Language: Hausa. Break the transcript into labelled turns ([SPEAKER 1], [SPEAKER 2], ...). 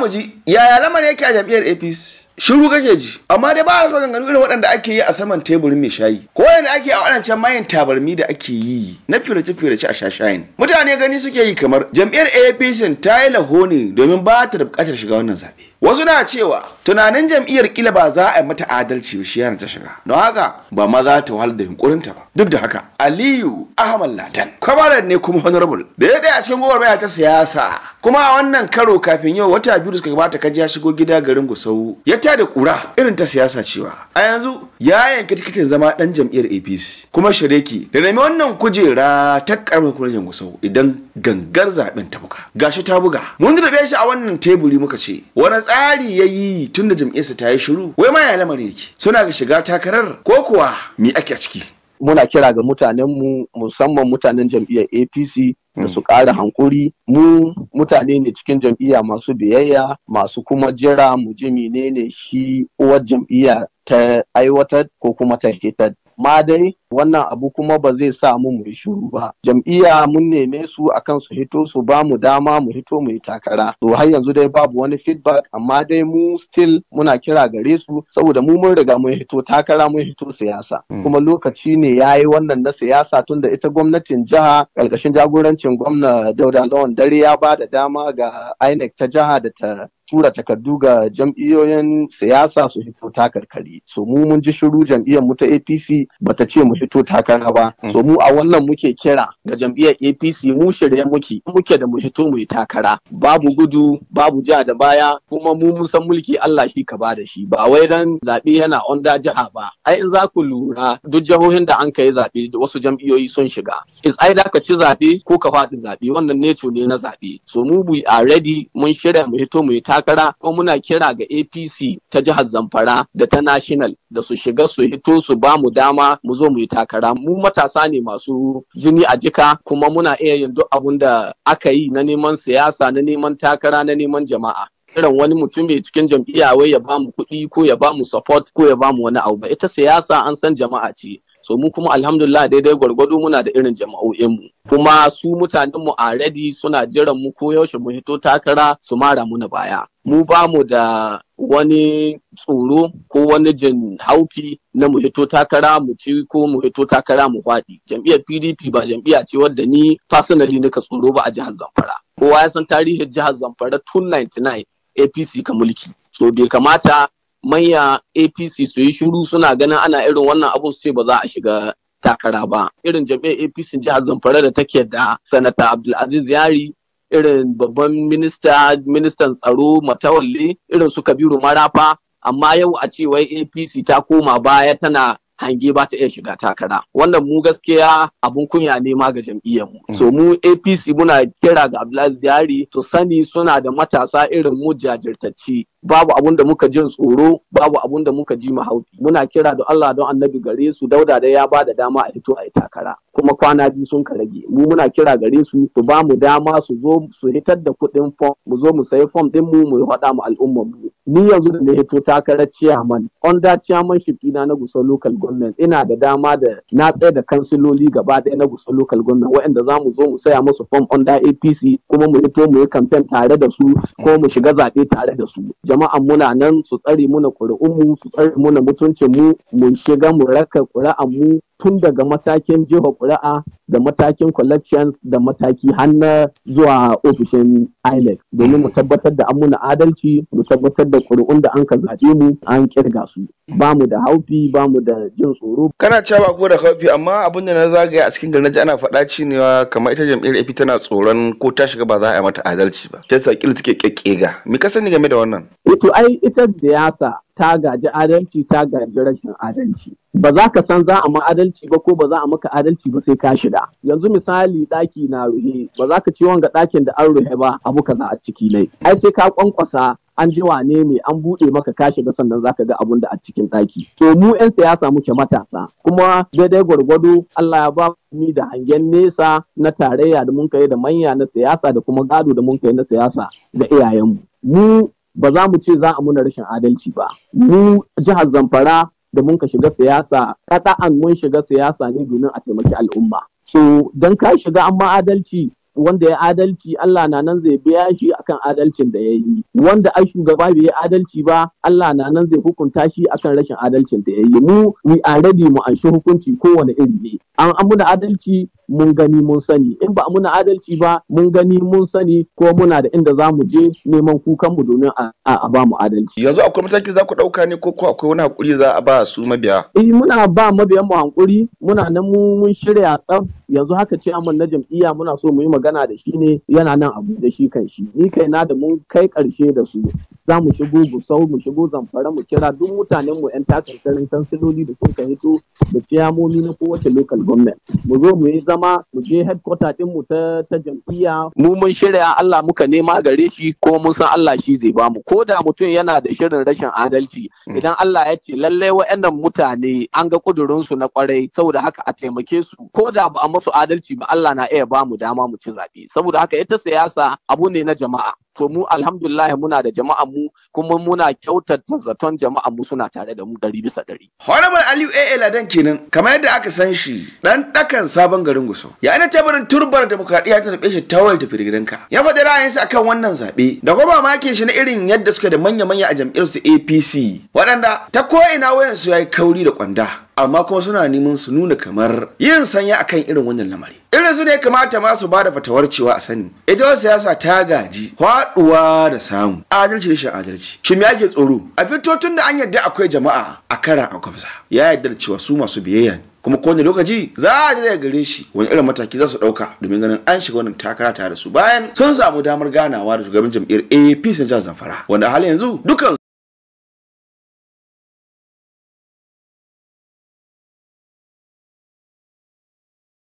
[SPEAKER 1] mu ji yaya lamarin yake a jam'iyyar APC shiru kake ji amma dai ba a so ganganu irin waɗanda ake yi a saman teburin mai shayi ko yana ake a wadancan mayan tabarmi da ake yi na firace firace a shashayin mutane gani suke yi kamar jam'iyyar APC ta yi lahoni domin ba ta da buƙatar shiga wannan zaɓe wasu na cewa tunanin jam'iyyar kila ba za a yi mata adalci ba shi yana ta shiga don haka ba ma za ta wahalar da yunƙurinta ba duk da haka aliyu ahmad latan kwamarar ne kuma honorable da ya ɗaya a cikin gwagwarmaya ta siyasa kuma a wannan karo kafin yau wata biyu Kudus ka suka gabata kaji ya shigo gida garin Gusau ya ta da kura irin ta siyasa cewa a yanzu ya yanka tikitin zama dan jam'iyyar APC kuma Shareki da nemi wannan kujera ta karamar jan Gusau idan gangar zaben ta buga gashi ta buga mun da shi a wannan teburi muka ce wani tsari yayi tun da jam'iyyarsa ta yi shiru wai ma ya lamari yake suna ga shiga takarar ko kuwa me ake ciki muna kira ga mutanenmu musamman mutanen
[SPEAKER 2] jam'iyyar apc da mm. su ƙara hankuri mu mutane ne cikin jam'iyya masu biyayya masu kuma jira mu ji menene shi uwar jam'iyya ta aiwatar ko kuma ta hitar amma dai wannan abu kuma ba zai sa mu mu shiru ba jam'iyya mun neme su akan su hito su ba mu dama mu hito mu yi takara to har yanzu dai babu wani feedback amma dai mu still muna kira gare su saboda mu mun riga mun hito takara mun hito siyasa hmm. kuma lokaci ne yayi wannan na siyasa tunda ita gwamnatin jiha karkashin jagorancin gwamna Dauda Lawan dare ya ba da dama ga INEC ta jiha da ta tura takardu ga jam'iyyoyin siyasa su hito takarkari so mu mun ji shiru jam'iyyar mu ta APC bata ce mu fito takara ba so mu a wannan muke kira ga jam'iyyar APC mu shirye muke muke da mu fito mu yi takara babu gudu babu ja da baya kuma mu mun san mulki Allah shi ka ba da shi ba wai dan zaɓe yana onda jiha ba ai in za ku lura duk jihohin da an kai da wasu jam'iyyoyi sun shiga is ai da ka ci zaɓe ko ka faɗi zaɓe? wannan ne ne na zaɓe. so mu bu a ready mun shirya mu fito mu yi takara ko muna kira ga APC ta jihar Zamfara da ta National da su shiga su hito su ba mu dama dama mu zo mu yi takara mu matasa ne masu jini a jika kuma muna iya yin duk abun da aka yi na neman siyasa na neman takara na neman jama'a irin wani mutum mai cikin jam'iyya wai ya bamu kuɗi ko ya bamu support ko ya bamu wani abu ba ita siyasa an san jama'a ce so mu kuma alhamdulillah daidai gwargwado muna da irin jama'o'in mu kuma su mutanen mu radi suna jiran mu ko yaushe mu hito takara su mara muna baya mu ba mu da wani tsoro ko wani jin haufi na mu hito takara mu ci ko mu hito takara mu faɗi jam'iyyar pdp ba jam'iyya ce wadda ni personally nika tsoro ba a jihar zamfara kowa ya san tarihin jihar zamfara tun 99 apc ka mulki so bai kamata manya APC su yi shuru suna ganin ana irin wannan abu su ce ba za a shiga takara ba irin jami'ar APC jihar Zamfara da take da sanata Abdulaziz Yari irin babban minista ministan tsaro matawalle irin su Kabiru Marafa amma yau a ce wai APC ta koma baya tana hange ba ta iya shiga takara wannan mu gaskiya abun kunya ne ma ga jam'iyyar mu. Mm. so mu apc muna kira ga abdulaziz yari su sani suna da matasa irin mu jajirtacci babu abun da muka jin tsoro babu abun da muka ji mahauki muna kira da Allah don annabi gare su dauda da ya bada dama a hito a yi takara kuma kwana biyu sun ka rage mu muna kira gare su su ba mu dama su zo su hitar da kuɗin fom mu zo mu sayi fom ɗin mu mu faɗa mu al'umma. mu ni yanzu da na hito takarar chairman under chairmanship ɗina na gusa local government ina da dama da na tsaye da kansiloli gaba ɗaya na gusa local government waɗanda za mu zo mu saya musu fom under APC kuma mu hito mu yi kamfen tare da su ko mu shiga zaɓe tare da su jama'an muna nan su tsare muna ƙuri'unmu su tsare muna mutuncin mu mun shiga mu raka ƙuri'an mu tun daga matakin jiha kuri'a da matakin collections da mataki hannu zuwa ofishin INEC domin mu tabbatar da amuna adalci mu tabbatar da ƙuri'un da an ka zaɓe mu an kirga su ba mu da haufi ba mu da jin tsoro.
[SPEAKER 1] Kana cewa ko da haufi amma abin da na zagaya a cikin garin ana faɗa cewa kamar ita jam'iyyar ifi tana tsoron ko ta shiga ba za a yi mata adalci ba. Ta sa kila take ga. Me ka sani game da wannan?
[SPEAKER 2] Ito eh ai ita siyasa ta gaji adalci ta gaji rashin adalci ba za ka san za a ma adalci ba ko ba za a maka adalci ba sai ka shiga yanzu misali ɗaki na ruhe ba za ka ci wanga ɗakin da an ruhe ba abu kaza a ciki ne ai sai ka kwankwasa an ji wane ne an buɗe maka ka shiga sannan za ka ga abun da a cikin ɗaki to mu 'yan siyasa muke matasa kuma daidai gwargwado Allah ya ba ni da hangen nesa na tarayya da mun kai da manya na siyasa da kuma gado da mun kai na siyasa da iyayenmu mu ba za mu ce za a muna rashin adalci ba mu jihar zamfara da mun ka shiga siyasa kata'an mun shiga siyasa ne domin a taimaki al'umma so don ka shiga amma adalci wanda ya adalci Allah na nan zai biya shi akan adalcin da ya yi wanda ai shugaba bai yi adalci ba Allah na nan zai hukunta shi akan rashin adalcin da ya yi mu we are ready mu anshi hukunci kowane iri ne an amuna adalci mun gani mun sani in ba muna adalci ba mun gani mun sani ko muna da inda za mu je neman kukan mu domin
[SPEAKER 1] a ba mu adalci yanzu akwai mataki za ku dauka ne ko akwai wani hakuri za a ba su mabiya
[SPEAKER 2] eh muna ba mabiyan mu hankuri muna nan mun shirya tsaf yanzu haka ce amman na jam'iyya muna so mu yi magana da shi ne yana nan abu da shi kan shi ni kai na da mun kai karshe da su za mu shigo gusau mu shigo zamfara mu kira duk mutanen mu yan takarkarin kansiloli da sun hito da ciyamomi na kowace local government mu zo mu yi zama mu je headquarter din mu ta ta jam'iyya mu mun shirya Allah muka nema gare shi ko mun san Allah shi zai ba mu ko da mutum yana da shirin rashin adalci hmm. idan Allah ya ce lalle waɗannan mutane an ga kudurin su na kwarai saboda haka a taimake su ko da ba a musu adalci ba Allah na iya ba mu dama mu ci zabe saboda haka ita siyasa abu ne na jama'a to mu alhamdulillah muna da jama'an mu kuma muna kyautata zaton jama'a mu suna tare da mu ɗari bisa ɗari.
[SPEAKER 1] Honorable Aliyu A. Ladan kenan kamar yadda aka san shi dan ɗakan sabon garin Gusau. Ya ina tabarin turbar demokradiyya ta tafi shi tawal ta firgidanka. Ya faɗi ra'ayinsa akan wannan zaɓe da kuma mamakin shi na irin yadda suka da manya-manya a jam'iyyar su APC waɗanda ta ko ina wayan su yayi kauri da kwanda. amma kuma suna neman su nuna kamar yin sanya akan irin wannan lamari irin su ne kamata ma su bada fatawar cewa a sani ita wasu siyasa ta gaji kwaduwa da samu adalci shan adalci shin me ake tsoro a fito tun da an yarda akwai jama'a a kara a kwafsa ya yarda da cewa su masu biyayya ne kuma kowane lokaci za a ji daga gare shi wani irin mataki za su ɗauka domin ganin an shiga wannan takara tare da su bayan sun samu damar ganawa da shugaban jam'iyyar apc na jihar zamfara wanda a halin yanzu dukan